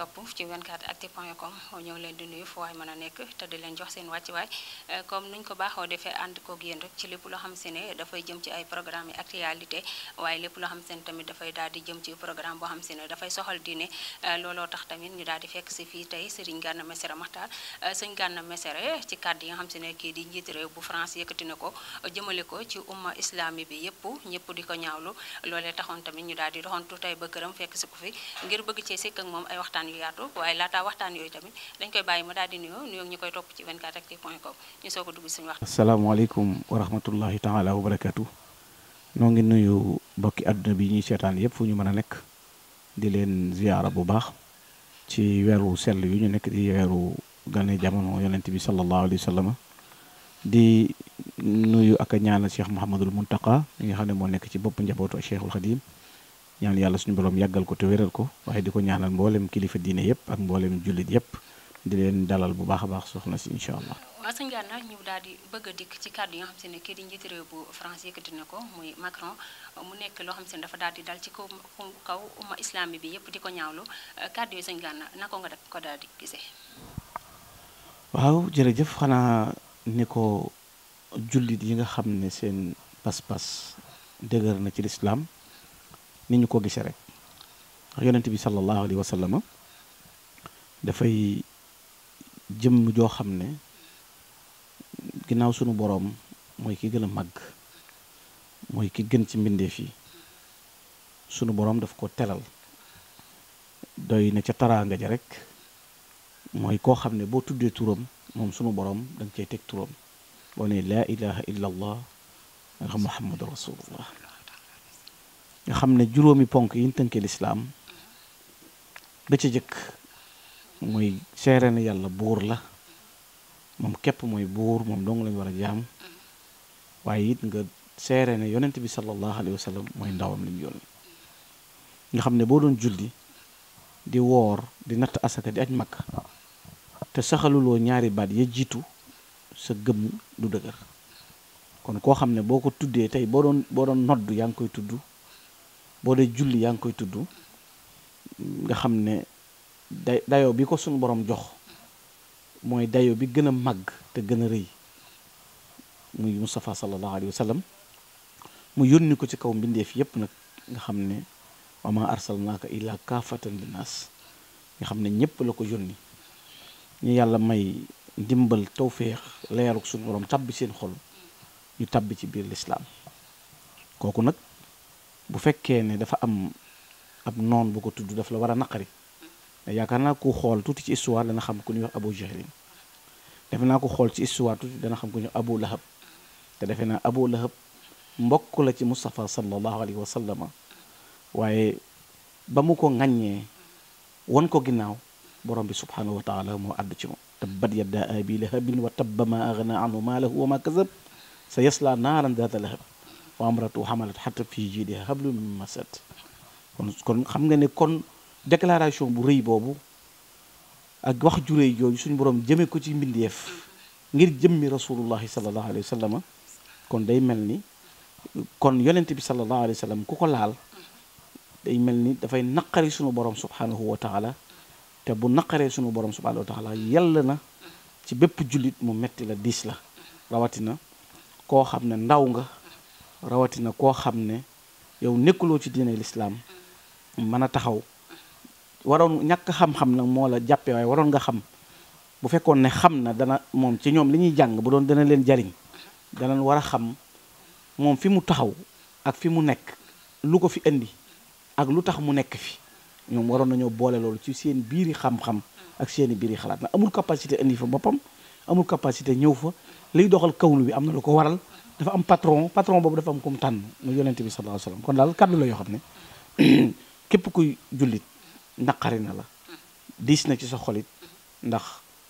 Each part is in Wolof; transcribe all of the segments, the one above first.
a Diouf ci 24actu.com ñoo ngi leen di a nekk euh, ko baaxoo defee ànd koog yéen rek ci lépp loo xam se ne dafay jëm ci ay programme yi xam se ne dafay soxal diine euh, looloo tax tamit ñu daal di fekk euh, ci kàddu kii di njiit réew bu France yëkkati ko jëmale ko ci umma islami bi yëpp ñëpp di ko ñaawlu loolee taxoon tamit ñu daal di doxantu tey ba këram fekk si ko fi ngir bëgg cee sekk ak moom ay waxtaan yu yaatu plateau waaye laataa waxtaan yooyu tamit dañ koy bàyyi mu daal di nuyoo nuyoo ñu koy topp ci 24actu point com ñu soog a dugg suñu waxtaan. asalaamaaleykum wa rahmatullahi taala wa barakatu noo ngi nuyu bokki àdduna bi ñuy seetaan yëpp fu ñu mën a nekk di leen ziyaara bu baax ci weeru sel yu ñu nekk di weeru gane jamono yonent bi sallallahu alayhi wa sallam di nuyu ak a ñaanal Cheikh Mouhamadul Muntaka mi nga xam ne moo nekk ci bopp njabootu Cheikhul Khadim ñaan yàlla suñu boroom yàggal ko te wéral ko waaye di ko ñaanal mboolem kilifa diine yëpp ak mboolem jullit yëpp di leen dalal bu baax a baax soxna si incha allah. waaw sëñ Gana ñu daal di bëgg a dikk ci kàddu yi nga xam se ne kii di njiit réew bu France na ko muy Macron mu nekk loo xam se ne dafa daal di dal ci kaw kaw umma islami bi yëpp di ko ñaawlu kàddu yooyu sëñ Gana def ko daal di jërëjëf xanaa ni ko jullit yi nga xam ne seen pas-pas dëgër na ci lislaam ni ñu ko gisee rek ndax yonent bi sallallahu alayhi wa sallam dafay jëmm joo xam ne ginnaaw sunu boroom mooy ki gën a màgg mooy ki gën ci mbindeef yi sunu boroom daf ko telal doy na ca taraanga ja rek mooy koo xam ne boo tuddee turam moom sunu boroom da koy teg turam boo ne laa ilaha illa allah nga xam muhammadu rasulullah nga xam ne juróomi ponk yi ñu tënkee lislaam ba ca jëkk mooy seere na yàlla buur la moom képp mooy buur moom dong lañ war a jaam waaye it nga seere ne yonent bi sallallahu alayhi wa sallam mooy ndawam lañ mu yónni nga xam ne boo doon julli di woor di natt asaka di aj makka te saxaluloo ñaari baat ya jiitu sa gëm du dëgër kon koo xam ne boo ko tuddee tey boo doon boo doon noddu yaa ngi koy tudd boo de julli yaa ngi koy tudd nga xam ne day dayo bi ko suñu boroom jox mooy dayo bi gën a màgg te gën a rëy muy Moustapha sallallahu alayhi wa mu yónni ko ci kaw mbindeef yépp nag nga xam ne wa maa arsalnaaka illaa kaafatan linnaas xam ne ñépp la ko yónni ñu yàlla may ndimbal tawféex leeruk suñu borom tàbbi seen xol ñu tàbbi ci biir lislaam kooku nag bu fekkee ne dafa am ab noon bu ko tudd daf la war a naqari yaakaar naa ku xool tuuti ci la na xam ku ñuy wax Abu Jahlin defe naa ko xool ci histoire tuuti dana xam ku ñuy wax Abu Lahab te defe naa Abu Lahab mbokk la ci Moustapha sallallahu alayhi wa sallam waaye ba mu ko ŋaññee wan ko ginnaaw borom bi subhanahu wa taala moo àdd ci moom tabbat yadda abi lahabin wa tabba ma agna anhu maalahu wa ma kasab sa yasla naaran daata lahab wa amratu xamalat xatta fii jiidiha xablum lu masad kon kon xam nga ne kon déclaration bu rëy boobu ak wax ju jooju suñu borom jëme ko ci mbindeef ngir jëmmi rasulullahi sallallahu alayhi wa sallam kon day mel ni kon yonent bi sallallahu ku ko day mel ni dafay naqari sunu borom subhanahu wa te bu naqaree sunu borom subhanahu wa taala na ci bépp jullit mu metti la diis la rawatina koo xam ne ndaw nga rawatina koo xam ne yow nekkuloo ci diine lislaam mën a taxaw waroon ñàkk xam-xam nag moo la jàppe waaye waroon nga xam bu fekkoon ne xam na dana moom ci ñoom li ñuy jàng bu doon dana leen jariñ dana war a xam moom fi mu taxaw ak fi mu nekk lu ko fi indi ak lu tax mu nekk fi ñoom waroon nañoo boole loolu ci seen biiri xam-xam ak seeni biiri xalaat na amul capacité indi fa boppam amul capacité ñëw fa liy doxal kawlu bi am na lu ko waral dafa am patron patron boobu dafa am kum tànn mu yonente bi sallallahu alayhi wasallam kon daal kàddu la yoo xam ne képp kuy jullit naqari na la diis na ci sa ndax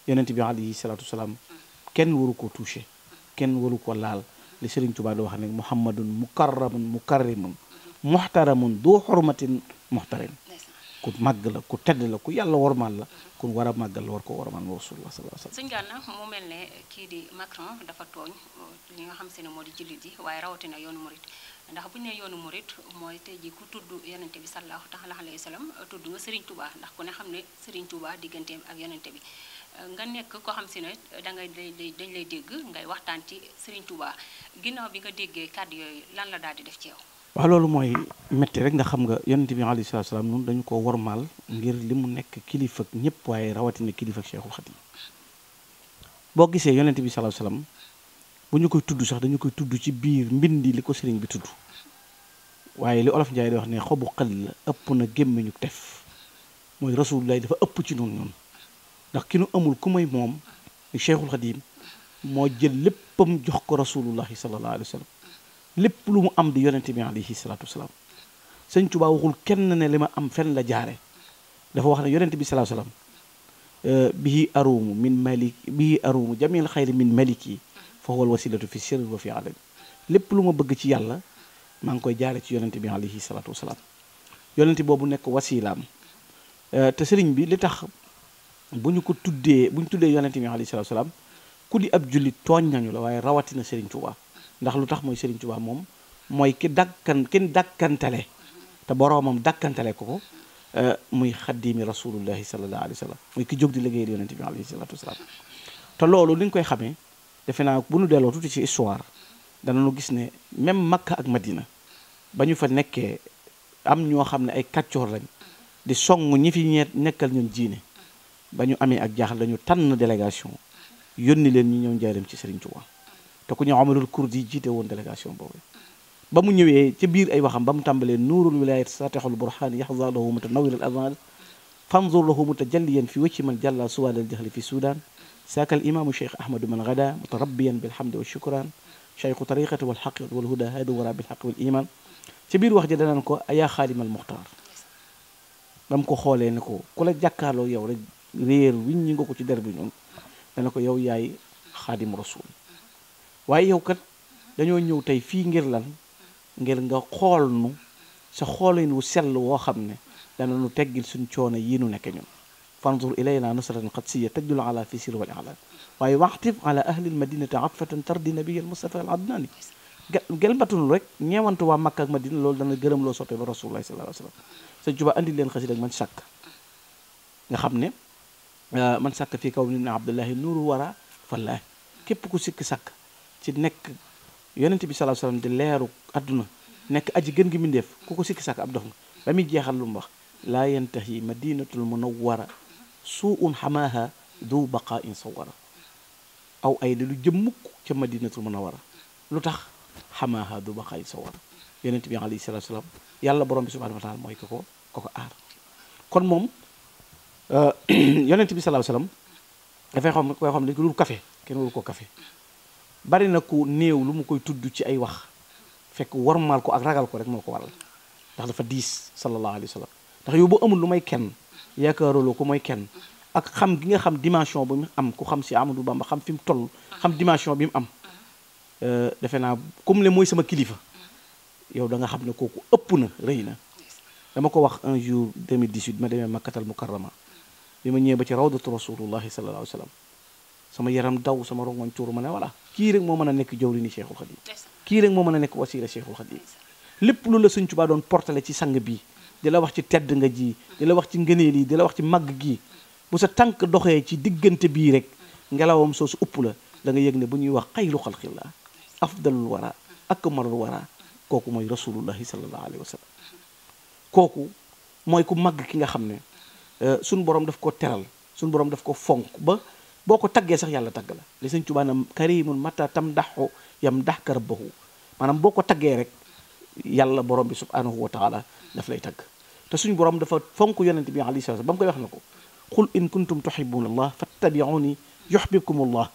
yonente bi alayhi salatu wasalaam kenn waru ko touché kenn waru ko laal li Serigne Touba di wax ne muhammadun mukarramun mukarrimun muhtaramun du hurmatin muhtarim ku màgg la ku tedd la ku yàlla wormaal la ku war a màggal la war ko wormaal ma rasulullah sallallahu alayhi wasallam sëñ Gana mu mel ne kii di Macron dafa tooñ li nga xam se ne moo di jullit yi waaye rawatina yoonu murit ndax bu ñu ne yoonu murit mooy tey ji ku tudd yonente bi sallallahu taala alayhi wa sallam tudd nga Serigne Touba ndax ku ne xam ne Serigne Touba digganteem ak yonente bi nga nekk koo xam si ne dangay dañ lay dégg ngay waxtaan ci Serigne Touba ginnaaw bi nga déggee kàddu yooyu lan la daal di def ci yow waaw loolu mooy métti rek ndax xam nga yonente bi alayhi salaatu salaam ñun dañu ko wormaal ngir li mu nekk kilifa ñëpp waaye rawatina kilifa Cheikhul Khadim boo gisee yonente bi salaatu salaam bu ñu koy tudd sax dañu koy tudd ci biir mbindi li ko sëriñ bi tudd waaye li olof Njaay di wax ne xobu xel la ëpp na gémmiñu tef mooy rasulullah dafa ëpp ci noonu ñun ndax ki nu amul ku may moom Cheikhul Khadim moo jël léppam jox ko rasulullahi sallallahu alayhi wa sallam lépp lu mu am di yonente bi alayhi salaatu wasalaam sëñ Tuubaa waxul kenn ne li ma am fenn la jaare dafa wax ne yonente bi salaatu wasalaam bihi aruumu min malik bihi aruumu jamil xayri min maliki fa huwa al wasilatu fi sirri wa fi alam lépp lu ma bëgg ci yàlla maa ngi koy jaare ci yonente bi alayhi salaatu wasalaam yonente boobu nekk wasilaam te sëriñ bi li tax bu ñu ko tuddee bu ñu tuddee yonente bi alayhi salaatu salaam ku di ab jullit tooñ nañu la waaye rawatina sëriñ Tuubaa ndax lu tax mooy Serigne Touba moom mooy ki dakkan kin dakkantale te boroomam dakkantale ko ko euh, muy xaddiimi rasulullahi sallallahu alayhi wa sallam muy ki jóg di liggéeyal yonente bi alayhi salatu wasalaam te loolu li ñu koy xamee defe naa bu ñu delloo tuuti ci histoire danañu gis ne même Makka ak Madina ba ñu fa nekkee am ñoo xam ne ay kàccoor lañ di song ñi fi ñeet nekkal ñoom diine ba ñu amee ak jaaxal dañu tànn délégation yónni leen ñi ñëw njaareem ci Serigne Touba te ku ñu amalul kurdi jiite woon délégation boobu ba mu ñëwee ca biir ay waxam ba mu tàmbalee nuurul wilayat satixul burhaan yaxza lahu mutanawil al azal fanzur lahu mutajalliyan fi wëcci man jàlla suwaal al jahli fi sudan saaka al imaamu cheikh ahmadu man gada mutarabbiyan bilhamdi wa shukran cheikhu tariqati walxaqi walhuda haadu wara bilxaqi wal iman ca biir wax ja danaan ko ayaa xaadimal muxtaar dam ko xoolee ne ko ku la jàkkaarloo yow rek réer wiñ ñi nga ko ci der bi ñun dana ko yow yaay xaadim rasul waaye yow kat dañoo ñëw tey fii ngir lan ngir nga xool nu sa xoolin wu sell woo xam ne dana nu teggil suñ coono yii nu nekk ñun fanzur ilayna nusratan qadsiya tadul ala fi sir wal i'lan waaye waxtib ala ahli almadinati atfatan tardi nabiy almustafa al adnani gelbatunu rek ñeewantu waa makka ak madina loolu dana gërëm loo soppee ba rasulullah sallallahu alayhi wasallam sëñ Tuba andi leen xasida ak man sàkk nga xam ne euh, man sàkk fii kaw ni abdullahi nuuru wara fallahi képp ku sikk sàkk ci nekk yonent bi sallallahu alayhi di leeru àdduna nekk aji gën gi mbindeef ku ko sikki sàkk ab dox nga ba muy jeexal lu mu wax laa yantahi madinatul munawwara suun xamaaha du baqaa in sawara aw ay da lu jëm mukk ca a munawwara lu tax xamaaha du baqaa in sawara yonent bi alayhi salatu wasalam yàlla borom bi subhanahu wa mooy ko ko ko ko aar kon moom euh, yonent bi sallallahu alayhi wasallam dafay xam koy xam ne dañ ko dul café kenn warul ko café bari na ko néew lu ma koy tudd ci ay wax fekk war warmaal ko ak ragal ko rek moo ko waral ndax dafa diis sallallahu alayhi wa sallam ndax yow boo amul lu may kenn yaakaaruloo ko mooy kenn ak xam gi nga xam dimension bi mu am ku xam si Amadou Bamba xam fi mu toll xam dimension bi mu am euh, defe naa comme le mooy sama kilifa yow da nga xam ne kooku ëpp na rëy na dama ko wax un jour 2018 ma demee Makkatal Mukarrama bi ma ñëwee ba ci rawdatu rasulullahi sallallahu alayhi wa sama yaram daw sama rongoñ tuuru ma ne voilà kii rek moo mën a nekk jawri ni Cheikhul Khadim moo mën a nekk wasila Cheikhul Khadim lépp lu la Sëñ Tuubaa doon portale ci sang bi di la wax ci tedd nga ji di la wax ci ngëneel yi di la wax ci màgg gi bu sa tànk doxee ci diggante bii rek ngelawam soosu ëpp la da nga yëg ne bu ñuy wax xayru xalqillah afdalul wara akmalul wara kooku mooy rasulullahi sallallahu alayhi wa sallam kooku mooy ku màgg ki nga xam ne euh, suñ boo ko taggee sax yàlla tagg la li sëñ Tuubaa naan karimun mata tam daxu yam dax ka rabbahu maanaam boo ko taggee rek yàlla borom bi subhanahu wa taala daf lay tagg te suñu borom dafa fonk yonente bi alayhi salaam ba mu koy wax na ko qul in kuntum tuhibbuna allah fattabi'uni yuhibbukum allah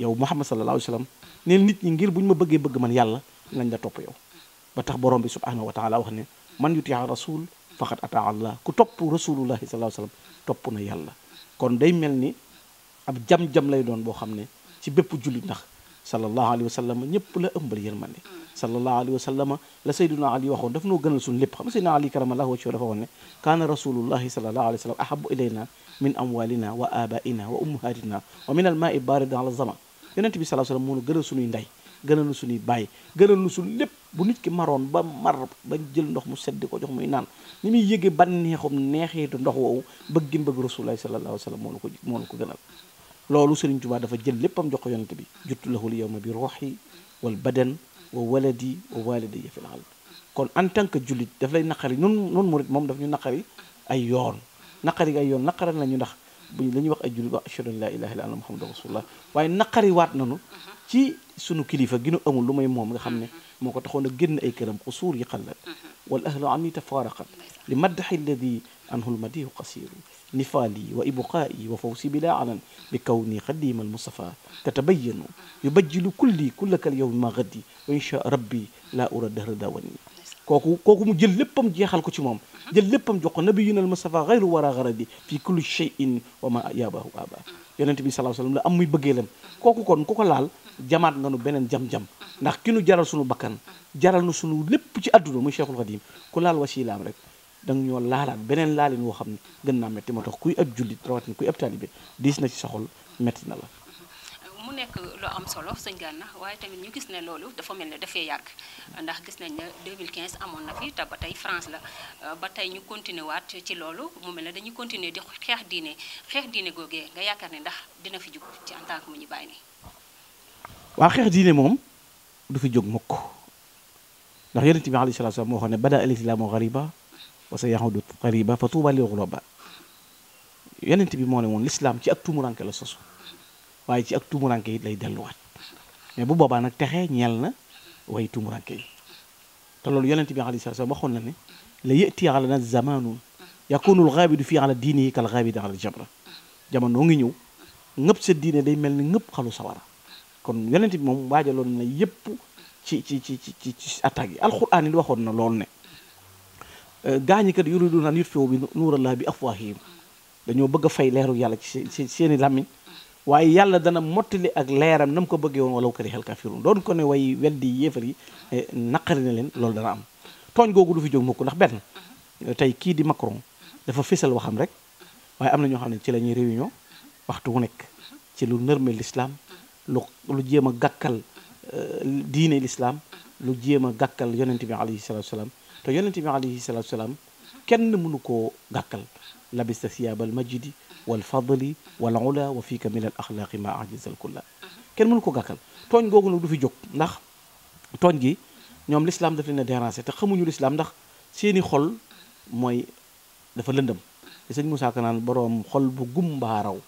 yow muhammad sallallahu alayhi wa sallam neen nit ñi ngir bu ñu ma bëggee bëgg man yàlla lañ la topp yow ba tax borom bi subhanahu wa taala wax ne man yutia rasul faqad ataa allah ku topp rasulullahi sallallahu la wa sallam topp na yàlla day mel ni ab jam-jam lay doon boo xam ne ci bépp jullit ndax sallallahu alayhi wa sallam ñëpp la ëmbal yërmande sallallahu alayhi wa sallam la sayduna ali waxoon daf noo gënal suñu lépp xam sayduna ali karamallahu wajhahu dafa waxoon ne kaana rasulullahi sallallahu alayhi wa sallam ahabu ilayna min amwalina wa abaina wa ummahatina wa min bi salaa sallam moo nu gënal suñuy ndey gënal nu suñuy baay gënal nu suñu lépp bu nit ki maroon ba mar ba jël ndox mu sedd ko jox muy naan ni muy yëge banneexum neexitu ndox woowu bëggin bëgg rasulullahi sallallahu alayhi wa sallam moo nu ko moo nu ko gënal loolu Sëriñ Tuubaa dafa jël léppam jox ko yonent bi juttu lahul yawma bi ruuxi wal badan wa waladi wa walidayya fil ard kon en tant que jullit daf lay naqari nun nun murit moom daf ñu naqari ay yoon naqari ay yoon naqaral nañu ndax bu la ñuy wax ay jullit wax ashhadu an laa ilaaha illa allah muhammadu rasulullah waaye naqari waat nañu ci sunu kilifa gi nu amul lu may moom nga xam ne moo ko taxoon a génn ay këram xusuur yi xallat wal te anni tafaaraqat li maddaxi alladi anhu lmadihu qasiru wa نفالي وإبقائي وفوزي بلا علن بكوني خديم المصطفى تتبين يبجل كلي كلك اليوم ما غدي وإن شاء ربي لا أرى الدهر داوني kooku kooku mu jël léppam jeexal ko ci moom jël léppam jox ko nabiyuna al mustafa xayru wara xaradi fii kulli shay'in wa ma yaabahu aba yonente bi sallallahu alayhi wasallam la am muy bëggee bëggeelam kooku kon ku ko laal jamaat nga nu beneen jam-jam ndax ki nu jaral suñu bakkan jaral nu sunu lépp ci àdduna muy cheikhul xadim ku laal wasilaam rek danga ñoo laalaat beneen laalin woo xam ne gën naa metti moo tax kuy ab jullit rawatina kuy ab taalibe diis na ci sa xol metti na la mu nekk lu am solo sëñ Gana waaye tamit ñu gis ne loolu dafa mel ne dafee yàgg ndax gis nañ ne 2015 amoon na fi te ba tey France la ba tey ñu continuer waat ci loolu mu mel ne dañuy continuer di xeex diine xeex diine googee nga yaakaar ni ndax dina fi jóg ci en mu ñu bàyyi nii waa xeex diine moom du fi jóg mukk ndax yonent bi alayhi salaatu wa salaam moo xam ne wa sa yahudu qariba fa tuuba lil ghuraba yonent bi moo woon lislaam ci ak tumuranke la sosu waaye ci ak tumuranke yi lay delluwaat mais bu boobaa nag texe ñeel na way tumuranke yi te loolu yonent bi alayhi salaam waxoon na ne la yëti ala na zamanu yakunul xaabidu fii ala diinihi kal xaabidi ala jabra jamono ngi ñëw ngëpp sa diine day mel ni ngëpp xalu sawara kon yonent bi moom waajaloon na yépp ci ci ci ci ci attaques yi alxuraan yi waxoon na loolu ne Euh, gaañi kat yuriduna an yutfiu bi nuurallah bi afwahihim dañoo bëgg a fay leeru yàlla ci seen seeni làmmiñ waaye yàlla dana mottali ak leeram nam ko bëggee woon walaw karihal kafirun doon ko ne way weddi yéefar yi eh, naqari na leen loolu dana am tooñ googu du fi jóg mukk ndax benn tey kii di Macron dafa fésal waxam rek waaye am na ñoo xam ne ci lañuy ñuy waxtu wu nekk ci lu nërme l'islam lu lu jéem a gàkkal euh, diine l'islam lu jéem a gàkkal yonent bi alayhi salatu wasalaam te yonent bi alayhi salaatu salaam kenn mënu koo gàkkal labista siyaabal majidi wal fadli wal ula wa fiika min al axlaaqi ma ajizal kulla kenn mënu ko gàkkal tooñ googu nag du fi jóg ndax tooñ gi ñoom l'islam daf leen a déranger te xamuñu l'islam ndax seeni xol mooy dafa lëndëm te sëñ Moussa naan boroom xol bu gumba raw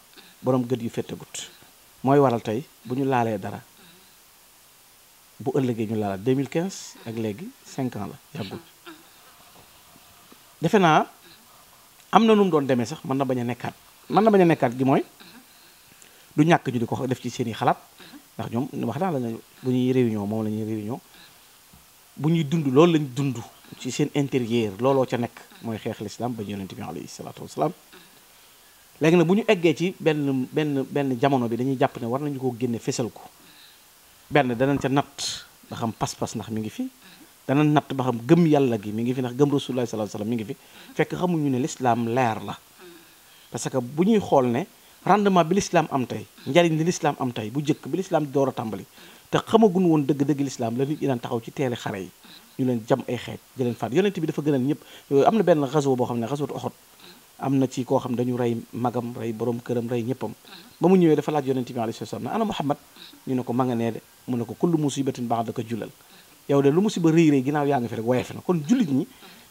boroom gët yu fettegut mooy waral tey bu ñu laalee dara bu ëllëgee ñu mille 2015 ak léegi 5 ans la yàggul defe naa am na nu mu doon demee sax mën na bañ a nekkaat man na bañ a nekkaat gi mooy du ñàkk ñu di ko def ci seen i xalaat ndax ñoom wax naa la ne bu ñuy réunion moom la ñuy réunion bu ñuy dund loolu lañ dund ci seen intérieur looloo ca nekk mooy xeex lislaam ba ñu yonente bi alayhi salaatu wasalaam léegi nag bu ñu eggee ci benn benn benn jamono bi dañuy jàpp ne war nañu ko génne fesal ko benn danañ ca natt ndax am pas-pas ndax mi ngi fi dana natt ba xam gëm yàlla gi mi ngi fi ndax gëm rasulullah sallallahu alayhi ngi fi fekk xamuñu ne l'islam leer la parce que bu ñuy xool ne rendement bi l'islam am tey njariñ li l'islam am tey bu jëkk bi l'islam door a tàmbali te xamagun woon dëgg-dëgg l'islam la nit ñi daan taxaw ci teeli xare yi ñu leen jam ay xeej di faat yonent bi dafa gënal ñëpp am na benn xasoo boo xam ne xasootu oxot am na ci koo xam dañu rey magam rey borom këram rey ba yow de lu musiba rëy rëy ginnaaw yaa ngi fi rek woyefe kon jullit ñi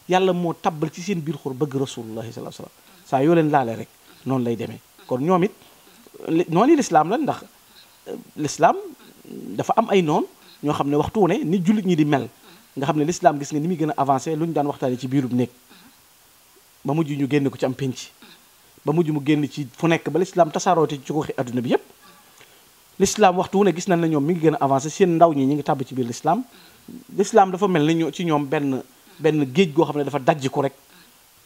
yàlla moo tabbal ci seen biir xur bëgg rasulullahi sallallahu alayhi wasallam saa yoo leen laale rek noonu lay demee kon ñoom it noonu lislaam la ndax euh, lislaam dafa am ay noon ñoo xam ne waxtu ne nit jullit ñi di mel nga xam ne lislaam gis nga ni muy gën a avancer lu ñu daan waxtaane ci biirub néeg ba mujj ñu génn ko ci am pénc ba mujj mu génn ci fu nekk ba lislaam tasaaroo te ci goxi àdduna bi yépp lislaam waxtu wu ne gis nañ na ñoom mi ngi gën a avancé seen ndaw ñi ñi ngi tàbb ci biir l'islam l'islam dafa mel ni ci ñoom benn benn géej goo xam ne dafa dajj ko rek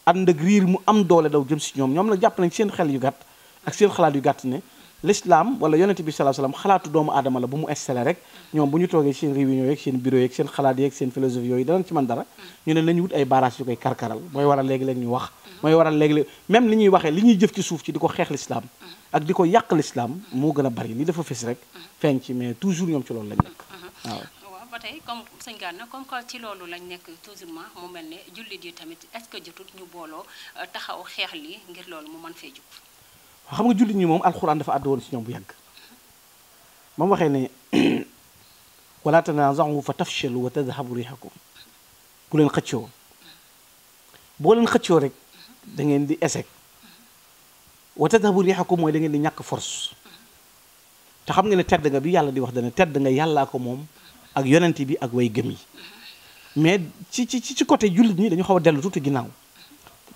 ànd ak riir mu am doole daw jëm si ñoom ñoom la jàpp nañ seen xel yu gàtt ak seen xalaat yu gàtt ne l'islam wala yonente bi sallallahu alayhi wasallam xalaatu doomu aadama la mu installé rek ñoom bu ñu toogee seen réunion yeeg seen bureau yeeg seen philosophie yooyu danañ ci mën dara ñu ne nañu wut ay barrage yu koy karkaral mooy waral léegi-léeg ñu wax mooy waral léegi-léeg même li ñuy waxee li ñuy jëf ci suuf ci di ko xeex l'islam ak di ko yàq lislaam moo gën a bari li dafa fës rek feeñ mais toujours ñoom ci loolu lañ nekk waaw waaw ba tey comme sëñ Gana comme ci loolu lañ nekk toujours ma mu mel ni jullit yi tamit est-ce que jotul ñu booloo euh, taxaw xeex li ngir loolu mu man fee jug waaw xam nga jullit ñi moom alxuraan dafa àddu woon si ñoom bu yàgg moom mm-hmm. waxee ne wala tanaazahu fa tafshalu wa tadhabu rihakum ku leen xëccoo mm-hmm. boo leen xëccoo rek mm-hmm. da ngeen di échec wa tadhabu ko mooy da di ñàkk force te xam nga ne tedd nga bi yàlla di wax dana tedd nga yàllaa ko moom ak yonent bi ak way gëm yi mais ci ci ci côté jullit ñi dañu xaw a dellu tuuti ginnaaw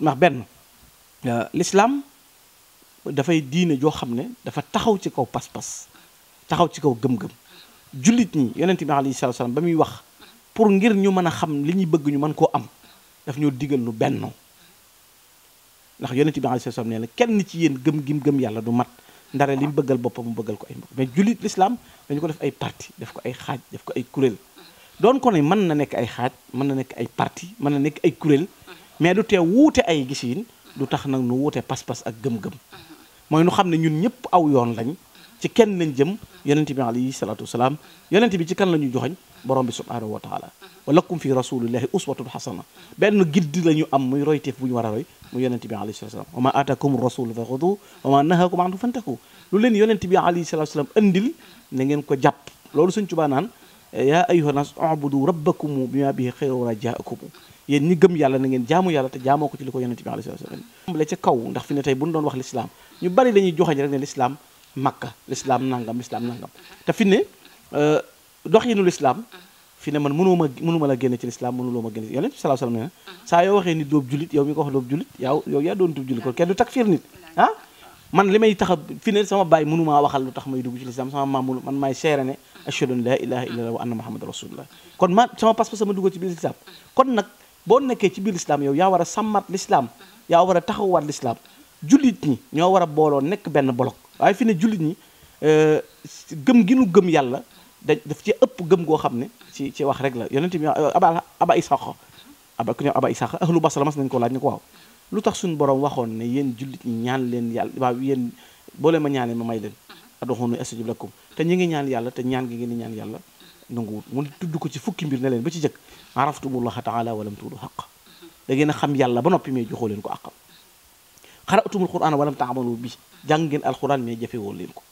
ndax benn euh, lislaam dafay diine joo xam ne dafa taxaw ci kaw pas-pas taxaw ci kaw gëm-gëm jullit ñi yonent bi alayhi salaatu salaam ba muy wax pour ngir ñu mën a xam li ñuy bëgg ñu mën koo am daf ñoo digal nu benn ndax yonent bi alayhi salaam nee na kenn ci yéen gëm gim gëm yàlla du mat ndare li mu bëggal boppam mu bëggal ko ay mbokk mais jullit l'islam dañu ko def ay parti def ko ay xaaj def ko ay kuréel doon ko ne mën na nekk ay xaaj mën na nekk ay parti mën na nekk ay kuréel mais du teew wuute ay gisiin du tax nag nu wuute pas-pas ak gëm-gëm mooy nu xam ne ñun ñëpp aw yoon lañ ci kenn lañ jëm yonent bi alayhi salaatu wasalaam yonent bi ci kan la ñu joxañ borom bi subhaanahu wa taala wa fi rasulillahi uswatun xasana benn giddi la am muy royteef bu ñu war roy mu yonent bi alayhi salatu salaam wa fa xudu wa ma nahakum anhu lu leen yonent bi alayhi andil na ngeen ko jàpp loolu suñ tubaa naan yaa ayyuha nas ubudu rabbakum bima bihi xayru wa jaakum yéen ñi gëm yàlla na ngeen jaamu yàlla te jaamoo ko ci li ko yonent bi alayhi salatu salaam kaw ndax fi tey bu ñu doon wax lislaam ñu bari la doxinu lislaam fi ne man mënoo ma mënuma la génne ci lislaam mënuloo ma génne yonent bi sallallahu alayhi wasallam nee na saa yoo waxee ni dóob julit yow mi ko wax dóob julit yow yow yaa tub julit kon kenn du takfir nit ah? man li may taxa a fi ne sama baay mënumaa waxal lu tax may dugg ci lislaam sama maamul man maay seere ne ashhadu an la ilaha illallah wa anna muhammad rasulullah kon ma sama pas-pas sama dugg ci biir lislaam kon nag boo nekkee ci biir lislaam yow yaa war a sàmmat lislaam yaa war a taxawaat lislaam jullit ñi ñoo war a booloo nekk benn bolok waaye fi ne jullit ñi euh, gëm gi gëm yàlla da daf ci ëpp gëm goo xam ne ci ci wax rek la yonent bi euh, aba aba isaqa aba ku ñëw aba isaqa ahlu basra mas nañ ko laaj ni ko waaw lu tax suñu borom waxoon ne yéen jullit ñi ñaan leen yàlla waaw yéen boo leen ma ñaanee ma may leen adoxoonu astajib lakum te ñi ngi ñaan yàlla te ñaan gi ngeen di ñaan yàlla nanguwut mu tudd ko ci fukki mbir ne leen ba ci jëkk araftumullaha taala walam tuudu xaq da ngeen a xam yàlla ba noppi mais joxoo leen ko àqam xaraatumul quraan walam taamalu bi jàng ngeen alquran mais jafewoo leen ko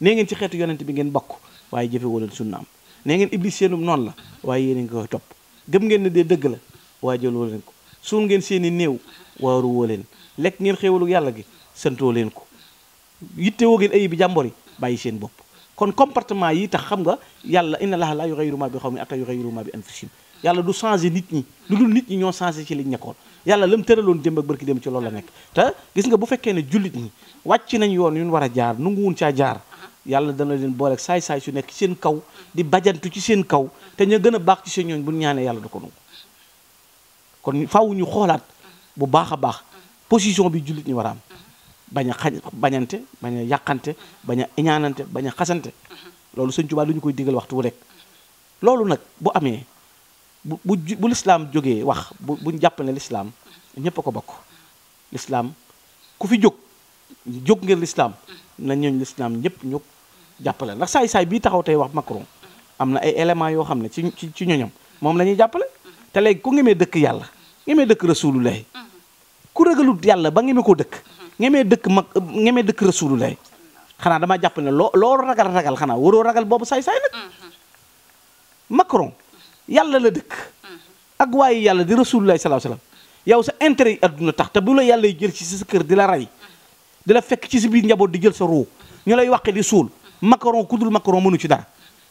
nee ngeen ci xeetu yonent bi ngeen bokk waaye jëfewoo leen am nee ngeen iblis seenum noonu la waaye yéen a ngi koy topp gëm ngeen ne dee dëgg la waaye jëloo leen ko suul ngeen seeni néew waaru woo leen lekk ngeen xéewalu yàlla gi santoo leen ko yitte woo ngeen ayi bi jàmbor yi bàyyi seen bopp kon comportement yi tax xam nga yàlla inna laaha laa yughayyiru maa bi qawmin hattaa yughayyiru maa bi anfusihim yàlla du changé nit ñi lu dul nit ñi ñoo changé ci liñ nekkoon yàlla lam tëraloon jëmba ak barki dem ci lool la nekk te gis nga bu fekkee ne jullit ñi wàcc nañ yoon yuñ war a jaar nu wun caa jaar yàlla dana leen booleeg saay-saay su nekk seen kaw di bajantu ci seen kaw te ñu gën a baax ci seen ñooñ bu ñaanee yàlla du ko nangu kon faaw ñu xoolaat bu baax a baax position bi jullit ñi war a am bañ a bañ yàqante bañ a iñaanante bañ a xasante loolu sëñ Tuubaa lu ñu koy digal waxtu wu rek loolu nag bu amee bu bu lislaam jógee wax bu buñ jàpp ne lislaam ñépp a ko bokk lislaam ku fi jóg jóg ngir lislaam na ñooñ lislaam ñëpp ñu jàppale ndax saay-saay bii taxaw tey wax Macron am na ay éléments yoo xam ne ci ci ci ñoñam moom la ñuy jàppale te léegi ku ngemee dëkk yàlla ngemee dëkk rasulullahi ku ragalut yàlla ba ngemee koo dëkk ngemee dëkk mag ngemee dëkk rasulullahi xanaa dama jàpp ne loo loo ragal ragal xanaa waroo ragal boobu saay-saay nag Macron yàlla la dëkk ak waaye yàlla di rasulullahi sallallahu alayhi wasallam yow sa intérêt yi adduna tax te bu la yàlla jël ci si sa kër di la di la fekk ci si biir njaboot di jël sa ruu ñu lay waqe di suul macaron ku dul macaron mënu ci dara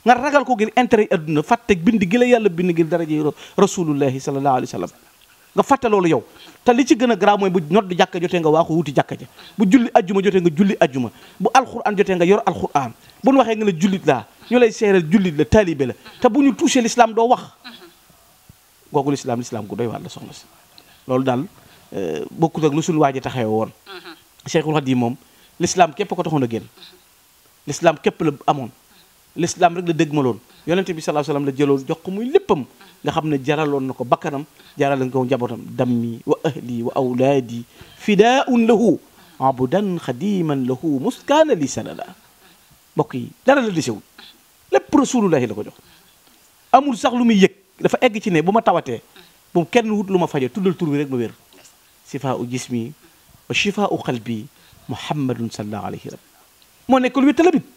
nga ragal ko gir intere yi àdduna fàtte bind gi la yàlla bind ngir daraje rasulullahi sallallahu alayhi wa sallam nga fàtte loolu yow te li ci gën a garaaw mooy bu nodd jàkk jotee nga waaxu wuti jàkka ja bu julli ajjuma jotee nga julli ajjuma bu alquran jotee nga yor alquran bu nu waxee nga la jullit laa ñu lay seeral jullit la taalibe la te bu ñu touché l'islam doo wax googu l'islam l'islam gu doy waar la soxna si loolu daal euh, bokkut ak lu suñu waaji taxawee woon Cheikhul Khadim moom l'islam képp ko a génn képp la amoon l'islam rek la dëgg ma loon yonente bi sallallahu alayhi la jëloon jox ko muy léppam nga xam ne jaraloon na ko bakkanam jaral na ko njabootam dammi wa ahli wa awlaadi fidaun lahu abudan xadiman lahu muskaana li sanada mbokk yi dara la desewul lépp rasulullahi la ko jox amul sax lu muy yëg dafa egg ci ne bu ma tawatee bu kenn wut lu ma faje tuddal tur bi rek ma wér sifaa u jismi wa shifaa qalbi muhammadun sallallahu alayhi wa sallam moo nekk lu wétta la bit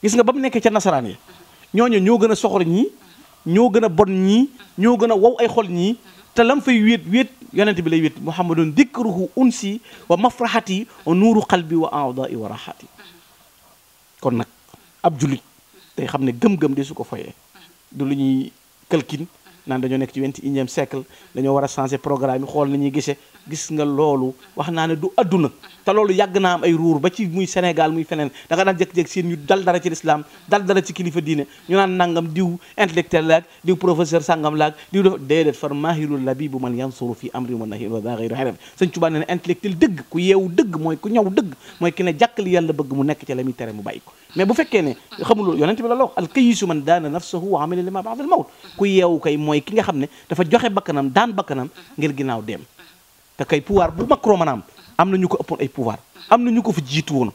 gis nga ba mu nekkee ca nasaraan ya ñooñu ñoo gën a soxor ñi ñoo gën a bon ñi ñoo gën a wow ay xol ñii te lam fay wéet wéet yonente bi lay wéet muhammadun dikruhu unsi wa mafrahati wa nuuru qalbi wa aadai wa rahati kon nag ab jullit tey xam ne gëm-gëm de su ko foyee du lu ñuy kalkin naan dañoo nekk ci vingt et unième siècle dañoo war a changer programme yi xool na ñuy gis nga loolu wax naa du adduna te loolu yàgg naa am ay ruur ba ci muy Sénégal muy feneen da daan jékki-jékki seen ñu dal dara ci lislaam dal dara ci kilifa diine ñu naan nangam diw intellectuel laak diw professeur sangam laak diw def far maahilul labi man yansuru fi amri wa nahi wa daghayru xeref sëñ Tuubaa ne ne intellectuel dëgg ku yeewu dëgg mooy ku ñëw ki nga xam ne dafa joxe bakkanam daan bakkanam ngir ginnaaw dem te kay pouvoir bu Macron maanaam am na ñu ko ëppoon ay pouvoir am na ñu ko fi jiitu woon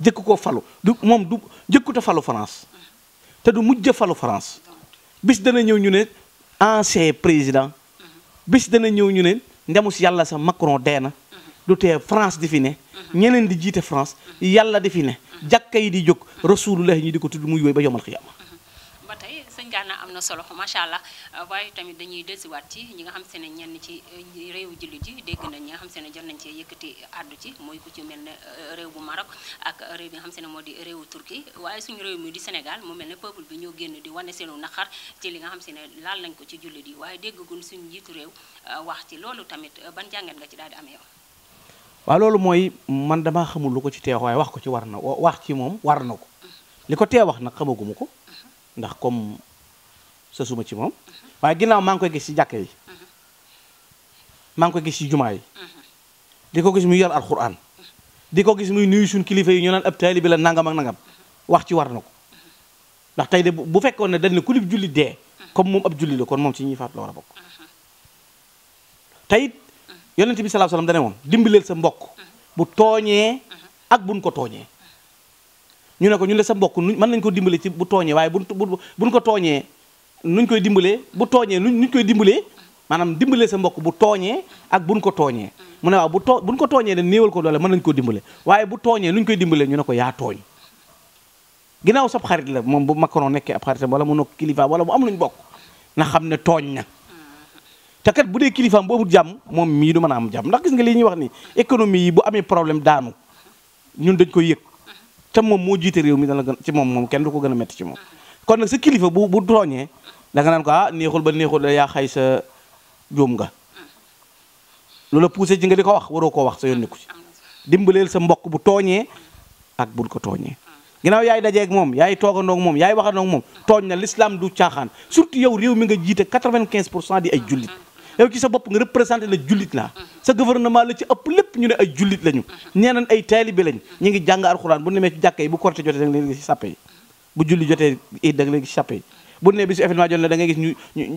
jëkk koo falu du moom du jëkkute falu France te du mujj falu France bis dana ñëw ñu ne ancien président bis dana ñëw ñu ne ndemu si yàlla sa Macron dee na du tee France di fi ne ñeneen di jiite France yàlla di fi ne jàkka yi di jóg rasulullah ñi di ko tudd mu wéy ba yomal xiyaama na solo macha allah euh, waaye tamit dañuy dellusiwaat ci ñi nga xam se ne ñenn ci euh, réewu jullit ji dégg nañ ñi nga xam se jot nañ cee yëkkati àddu ci mooy ku ci mel ne euh, réew bu Maroc ak réew bi nga xam se ne moo di réewu Turquie waaye suñu réew mi di Sénégal mu mel ne peuple bi ñoo génn di wane seenu naqar ci li nga xam se ne laal nañ ko ci jullit yi waaye déggagun suñu njiitu réew wax ci loolu tamit ban jàngat nga ci daal amee am yow waaw loolu mooy man damaa xamul lu ko ci teew waaye wax ko ci war na wax ci moom war na ko mm-hmm. ko sa suma ci moom waaye ginnaaw maa ngi koy gis ci jàkka yi maa ngi koy gis ci jumaa yi di ko gis muy yor alxuraan di ko gis muy nuyu suñ kilifa yi ñu naan ab bi la nangam ak nangam wax ci war na ko ndax tey de bu fekkoon ne dañ ne kulib julli dee comme moom ab julli la kon moom ci ñuy faat la war a bokk tey it yonent bi sallallahu alayhi wasallam dane woon dimbaleel sa mbokk bu tooñee ak buñ ko tooñee ñu ne ko ñu ne sa mbokk man nañ ko dimbale ci bu tooñee waaye buñ buñ ko tooñee nuñ koy dimbalee bu tooñee nuñ nuñ koy dimbalee maanaam dimbalee sa mbokk bu tooñee ak buñ ko tooñee mu ne waaw bu too buñ ko tooñee ne néewal ko doole mën nañ koo dimbale waaye bu tooñee nuñ koy dimbalee ñu ne ko yaa tooñ ginnaaw sab xarit la moom bu Macron nekkee ab xaritam wala mu nekk kilifa wala mu am luñ bokk na xam ne tooñ na te kat bu dee kilifaam boobu jàmm moom mii du mën a am jàmm ndax gis nga lii ñuy wax ni économie yi bu amee problème daanu ñun dañ koy yëg te moom moo jiite réew mi dana gën ci moom moom kenn du ko gën a métti ci moom kon nag sa kilifa bu bu tooñee danga naan ko ah neexul ba neexul da yaa xay sa juum nga loola poussé ji nga di ko wax waroo koo wax sa yoon nekku ci dimbaleel sa mbokk bu tooñee ak bul ko tooñee ginnaaw yaay dajeeg moom yaay toogandoog moom yaay waxandoog moom tooñ na l'islam du caaxaan surtout yow réew mi nga jiite quatre vingt pour cent di ay jullit yow ci sa bopp nga représenté na jullit laa sa gouvernement la ci ëpp lépp ñu ne ay jullit lañu nee nañ ay taalibe lañ ñu ngi jàng alxuraan bu ñu demee bu korte jotee da nga leen bu julli jotee it da nga leen bu ne bisu événement jot na da ngay gis ñu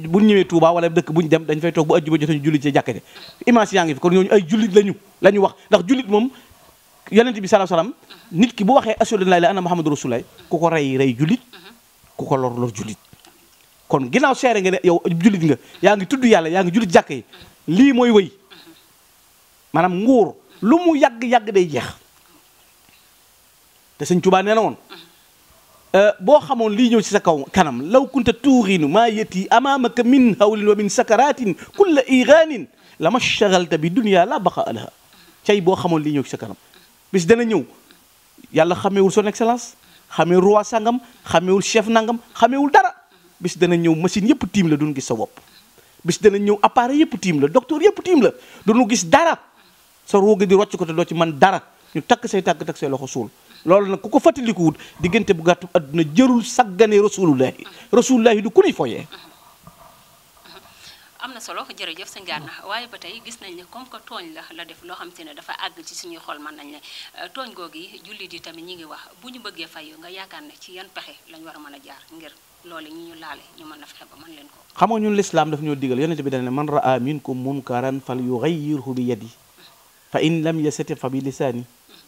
buñ ñëwee Touba wala dëkk buñ dem dañ fay toog bu ajjuma jot ñu jullit ci jàkkate image yaa ngi fi kon ñooñu ay jullit lañu la ñu wax ndax jullit moom yonent bi sallallahu alayhi wasallam nit ki bu waxee ashhadu an la ilaha illallah muhammadur rasulullah ku ko rey rey jullit ku ko lor lor jullit kon ginnaaw seere nga ne yow jullit nga yaa ngi tudd yàlla yaa ngi jullit jàkk yi lii mooy wëy maanaam nguur lu mu yàgg-yàgg day jeex te sëñ Tuubaa nee na woon Euh, boo xamoon lii ñëw ci sa kaw kanam law kunta tuurinu maa yati amaamaka min hawlin wa min sakaratin kulla iraanin la ma shagalta bi dunia la baqa alaha cay boo xamoon lii ñëw ci sa kanam bis dana ñëw yàlla xameewul son excellence xameewul roi sangam xameewul chef nangam xameewul dara bis dana ñëw machine yëpp tiim la duñu gis sa bopp bis dana ñëw appareil yëpp tiim la docteur yëpp tiim la duñu gis dara sa rooga di rocc ko te doo ci man dara ñu takk say tàgg takk say loxo suul loolu nag ku ko fàttalikuwut diggante bu gàttu àdduna jërul saggane rasulullahi rasulullahi du ku nuy foyee am na solo jërëjëf sëñ Gana waaye ba tey gis nañ ne comme que tooñ la la def loo xam te ne dafa àgg ci suñuy xol man nañ ne euh, tooñ googu yi jullit yi tamit ñi ngi wax bu ñu bëggee fayu nga yaakaar ne ci yan pexe lañ war a mën a jaar ngir loolu ñi ñu laale ñu mën a fexe ba mën leen ko xam nga ñun lislaam daf ñoo digal yonente bi dana man raa minkum munkaran fal bi yadi fa in lam yastati fa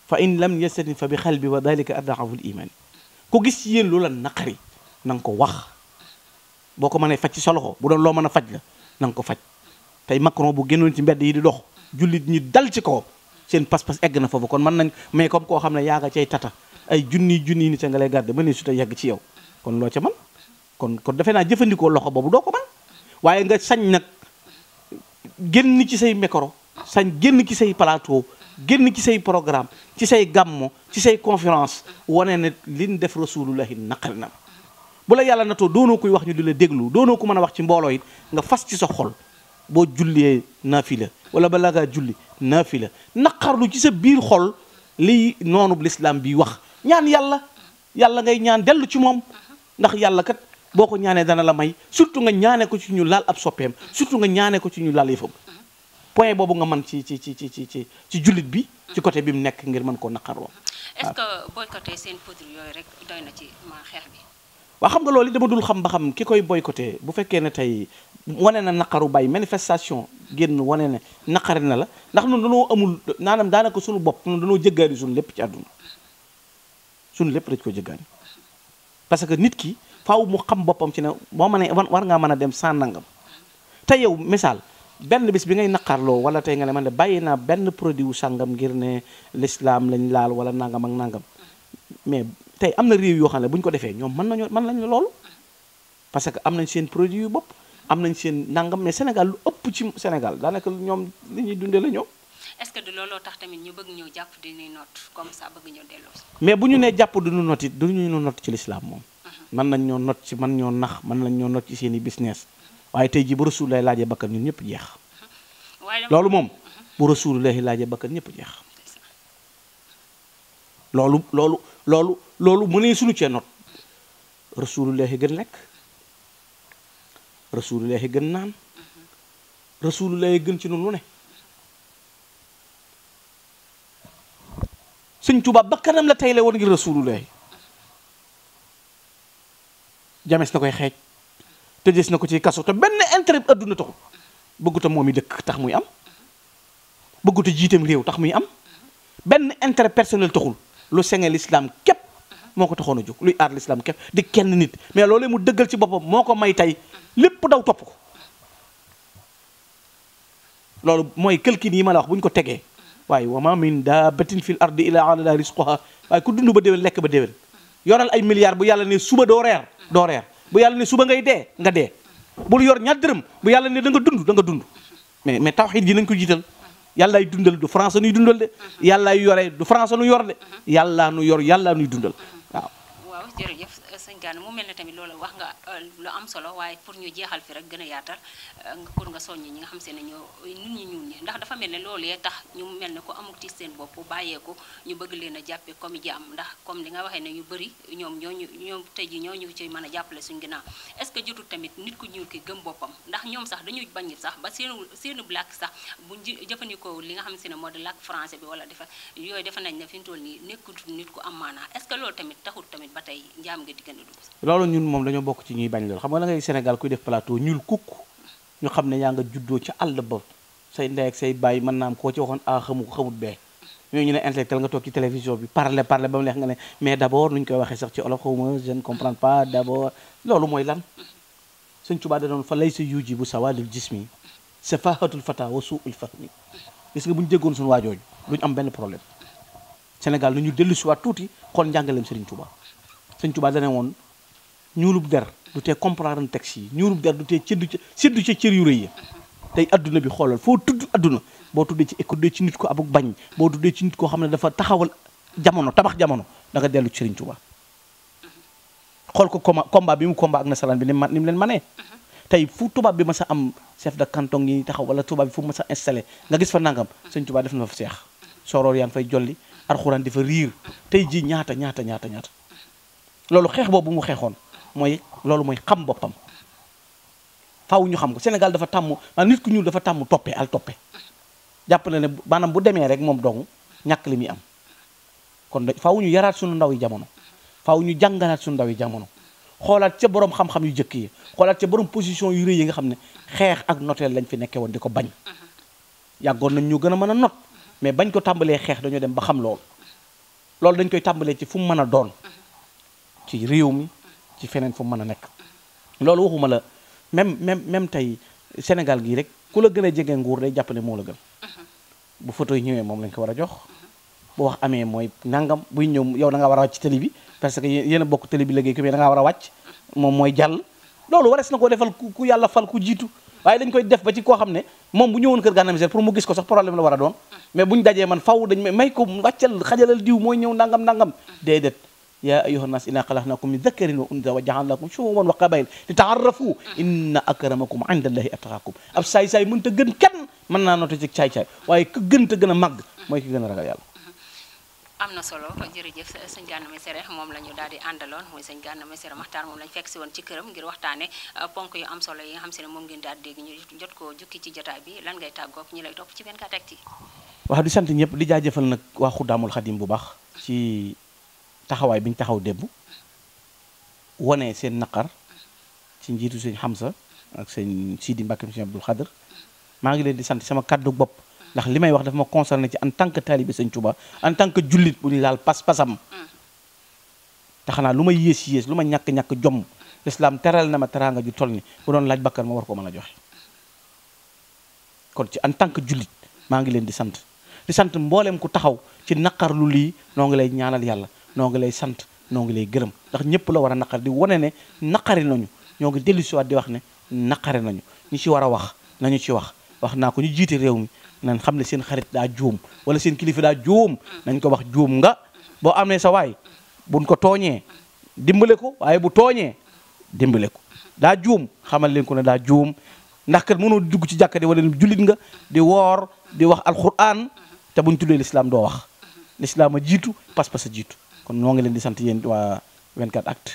fa indi lam yastatim fa bi xalbi wa dalika adaful iman ku gis ci yéen lu la naqari na nga ko wax boo ko mënee faj ci sa bu doon loo mën a faj la na nga ko faj tey Macron bu génnoon ci mbedd yi di dox jullit ñi dal ci kaw seen pas-pas egg na foofu kon mën nañ mais comme koo xam ne yaa nga cay tata ay junni junni nit a lay gàdde ba ne yegg ci yow kon loo ca man kon kon defe naa jëfandikoo loxo boobu doo ko man waaye nga sañ nag génn ci say micro sañ génn ki say palaatoo génn ci say programme ci say gàmmo ci say conférence wane ne liñ def rasulullahi naqari na bu la yàlla natoo doonoo koy wax ñu di la déglu doonoo ko mën a wax ci mbooloo nga fas ci sa xol boo jullee naafila wala balaa ngaa julli naafila naqarlu ci sa biir xol liy noonu lislaam bi wax ñaan yàlla yàlla ngay ñaan dellu ci moom ndax yàlla kat boo ko ñaanee dana la may surtout nga ñaanee ko ci ñu laal ab soppeem surtout nga ñaanee ko ci ñu laal yëfam point boobu nga man ci ci ci ci ci ci ci jullit bi. ci côté bi mu nekk ngir mën koo naqarloo. est-ce que boycotter seen rek doy na xam nga loolu dama dul xam ba xam ki koy boycotter bu fekkee ne tey wane na naqaru bay manifestation génn wane ne naqari na la ndax noonu dañoo amul naanam daanaka suñu bopp ñun dañoo jéggaani suñu lépp ci àdduna suñu lépp dañ ko jéggaani parce que nit ki faaw mu xam boppam ci ne boo mënee war ngaa mën a dem sans nangam te yow misaal. benn bis bi ngay naqarloo wala tey nga ne man de bàyyi naa benn produit wu sàngam ngir ne l'islam lañ laal wala nangam ak nangam mais tey am na réew yoo xam ne bu ñu ko defee ñoom mën nañoo mën nañ loolu parce que am nañ seen produit yu bopp am nañ seen nangam mais Sénégal lu ëpp ci Sénégal daanaka ñoom li ñuy dundee la ñoom. est-ce que du looloo tax tamit ñu bëgg ñëw jàpp di mais bu ñu nee jàpp du ñu noot it du ñu not ci lislaam moom. Mhm. mën nañ ñoo not ci mën ñoo nax man nañ ñoo not ci seen i business waaye tey jii bu rasulullahi laajee bakkan ñun ñëpp jeex loolu moom bu rasulullahi laajee bakkan ñëpp jeex loolu loolu loolu loolu mu ne suñu cee not rasulullahi gën lekk rasulullahi gën naan rasulullahi gën ci nun lu ne sëñ Tuubaa bakkanam la tayle woon ngir rasulullahi james na koy xeej tëjees na ko ci kaso te benn intérêt adduna taxul bëgguta moom i dëkk tax muy am bëgguta jiitam réew tax muy am benn intérêt personnel taxul lu sengee l'islam képp moo ko taxoon a jóg luy aar l'islam képp di kenn nit mais loolu mu dëggal ci boppam moo ko may tey lépp daw topp ko loolu mooy këlkin yi ma la wax bu ñu ko tegee waaye wa ma min daabatin fil ardi illa ala llahi rizquha waaye ku dund ba déwén lekk ba déwén yoral ay milliards bu yàlla ne suba doo reer doo reer bu yàlla ne suba ngay dee nga dee bul yor ñaar dërëm bu yàlla ne da nga dund da nga dund mais mais tawxiid ji nañ ko jiital yàllaay dundal du France nuy dundal de yàllaay yore du France nu yor de yàllaa nu yor yàllaa nuy dundal waaw. sëñ Gana mu mel ne tamit loolu wax nga euh, lu am solo waaye pour ñu jeexal fi rek gën a yaatal euh, nga pour nga soññi ñi nga xam se ne ñi ñuul ñi ndax dafa mel ne loolee tax ñu mel ne ko amul ci seen bopp bàyyeeku ñu bëgg leen a jàppe comme jaam comme li nga waxee ne ñu bëri ñoom ñooñu ñoom tey ji ñoo ñu ci mën a jàppale suñu ginnaaw est-ce que jotul tamit nit ku ñuul ki gëm boppam ndax ñoom sax dañuy bañ sax ba seen seenu làkk sax bu jëfandikoo li nga xam se ne moo di làkk français bi wala defa yooyu defe nañ ne fi ñu toll nii nekkul nit ku am maanaa est loolu tamit taxul tamit ba tey njaam nga diggante loolu ñun moom dañoo bokk ci ñuy bañ loolu xam nga da ngay Sénégal kuy def plateau ñuul kukk ñu xam ne nga juddoo ci àll ba say ndey ak say bàyyi mën naa am koo ci waxoon a ah, xamu ko xamut bee ñooñu ñu ne intellectuel nga toog ci télévision bi parler parler ba mu neex nga ne mais d' abord nuñ koy waxee sax ci olof xawma je ne comprends pas d' loolu mooy lan sëñ Tuubaa da doon fa lay sa yuji bu sawadul jismi safahatul fata wa suul fahmi gis nga bu ñu déggoon suñu waajooju duñ am benn problème Sénégal lu ñu dellusiwaat tuuti xool njàngaleem Sëriñ Tuubaa sëñ Tuubaa dane woon ñuulub der du tee comprendre texte yi ñuulub der du tee cëddu ca séddu cër yu rëy yi tey adduna bi xoolal foo tudd adduna boo tuddee ci école ci nit ko abuk bañ boo tuddee ci koo xam ne dafa taxawal jamono tabax jamono da nga dellu ci sëriñ Tuubaa xool ko combat combat bi mu combat ak nasaraan bi ni man ni mu leen manee tey fu tubaab bi ma sa am chef de canton yi taxaw wala tubaab bi fu ma sa nga gis fa nangam sëñ Tuubaa def na fa seex soroor yaa ngi fay jolli alxuraan di fa riir tey jii ñaata ñaata ñaata ñaata loolu xeex boobu mu xeexoon mooy loolu mooy xam boppam faaw ñu xam ko Sénégal dafa tàmm ah, nit ku ñuul dafa tàmm toppe al toppe jàpp na ne maanaam bu demee rek moom dong ñàkk li muy am kon faaw ñu yaraat suñu ndaw yi jamono faaw ñu jàngalaat suñu ndaw yi jamono xoolaat ca borom xam-xam yu jëkk yi xoolaat ca borom position yu rëy yi nga xam ne xeex ak noteel lañ fi nekkee woon di ko bañ yàggoon nañ ñu gën a mën a not mais bañ ko tàmbalee xeex dañoo dem ba xam loolu loolu dañ koy tàmbalee ci fu mu mën a doon ci réew mi ci feneen fu mën a nekk loolu waxuma la même même même tey Sénégal gii rek ku la gën a jege nguur day jàpp ne moo la gën bu photo yi ñëwee moom lañ ko war a jox a wàcc ci télé parce que yéen a bokk télé bi ko mais da war a wàcc moom mooy jàll loolu warees na ko defal ku yàlla fal ku jiitu waaye dañ koy def ba ci koo xam ne moom bu ñëwoon kër Gana Messere pour mu gis ko sax problème la war a doon mais buñ dajee man faw dañ may ko yaa ayyuha nnaas innaa xalaqnaakum min dakarin wa unsa wa jaalnaakum shuuban wa qabaa'il li taarrafu inna akramakum inda llaahi atqaakum ab saay-saay mën ta gën kenn mën naa noota ci caay-caay waaye ku gën ta gën a màgg mooy ki gën a ragal yàlla am na solo jërëjëf sëñ Gana moom la ñu daal di àndaloon mooy sëñ Gana Messere Maxtaar moom la ñu fekk si woon ci këram ngir waxtaane euh, ponk yu am solo yi nga xam se ne moom ngeen daal di dégg ñu jot ko jukki ci jotaay bi lan ngay tàggoog ñi lay topp ci 24actu wax di ñëpp di jaajëfal nag waa Xuddaamul Xadim bu baax ci taxawaay bi ñu taxaw démb wane seen naqar ci njiitu sëñ Hamza ak sëñ Sidi Mbacke sëñ Abdul Xadr maa ngi leen di sant sama kàddu bopp ndax li may wax dafa ma concerné ci en tant que taalibe sëñ Touba en tant que jullit bu ñu laal pas-pasam taxanaa lu ma yées yées lu ma ñàkk-ñàkk jomm lislaam teral na ma teraanga ju toll ni bu doon laaj bakkan ma war ko mën a joxe kon ci en tant que jullit maa ngi leen di sant di sant mboolem ku taxaw ci naqar lu lii noo ngi lay ñaanal yàlla noo lay sant noo lay gërëm ndax ñëpp la war a naqari wane ne naqari nañu ñoo ngi dellu si di wax ne naqari nañu ñu ci war a wax nañu ci wax wax naa ko ñu jiite réew mi nañ xam ne seen xarit daa juum wala seen kilifa daa juum nañ ko wax juum nga boo amee sa waay buñ ko tooñee dimbale ko waaye bu tooñee dimbale ko daa juum xamal leen ko ne daa juum ndax kat mënoo dugg ci jàkka di wala jullit nga di woor di wax alquran te buñ tuddee lislaam doo wax lislaam a jiitu pas-pas a jiitu kon noo ngi leen di sant yéen waa 24 actu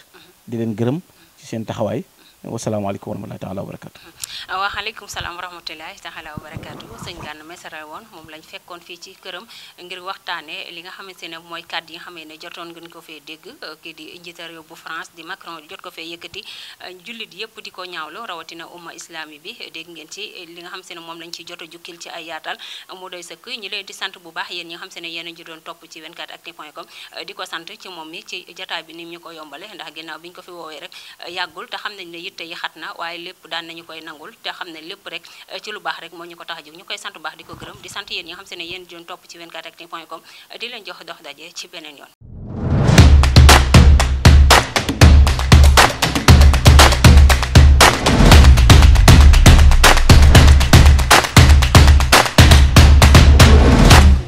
di leen gërëm ci seen taxawaay wasalaamaaleykum wa rahmatulahi taala wa barakaatu. salaam wa rahmatulahi taala wa barakaatu sëñ Gana Messere woon moom lañ fekkoon fii ci këram ngir waxtaanee li nga xamante ne mooy kàddu yi nga xam ne jotoon ngeen ko fee dégg kii di njiital réew bu France di Macron jot ko fee yëkkati euh, jullit yëpp di ko ñaawlu rawatina umma islami bi dégg ngeen ci li nga xamante ne moom lañ ci jot a jukkil ci ay yaatal mu doy sëkk ñu leen di sant bu baax yéen ñi nga xamante ne yéen a ngi doon topp ci 24actu.com di ko sant ci moom mi ci jotaay bi ni ñu ko yombale ndax ginnaaw bi ñu ko fi woowee rek yàggul te xam nañ ne te yi xat na waaye lépp daan nañu koy nangul te xam ne lépp rek eh, ci lu baax rek moo ñu ko tax a jóg ñu koy sant baax di ko gërëm di sant yéen ñi xam se ne yéen doon topp ci 24actu point com di leen jox dox daje ci beneen yoon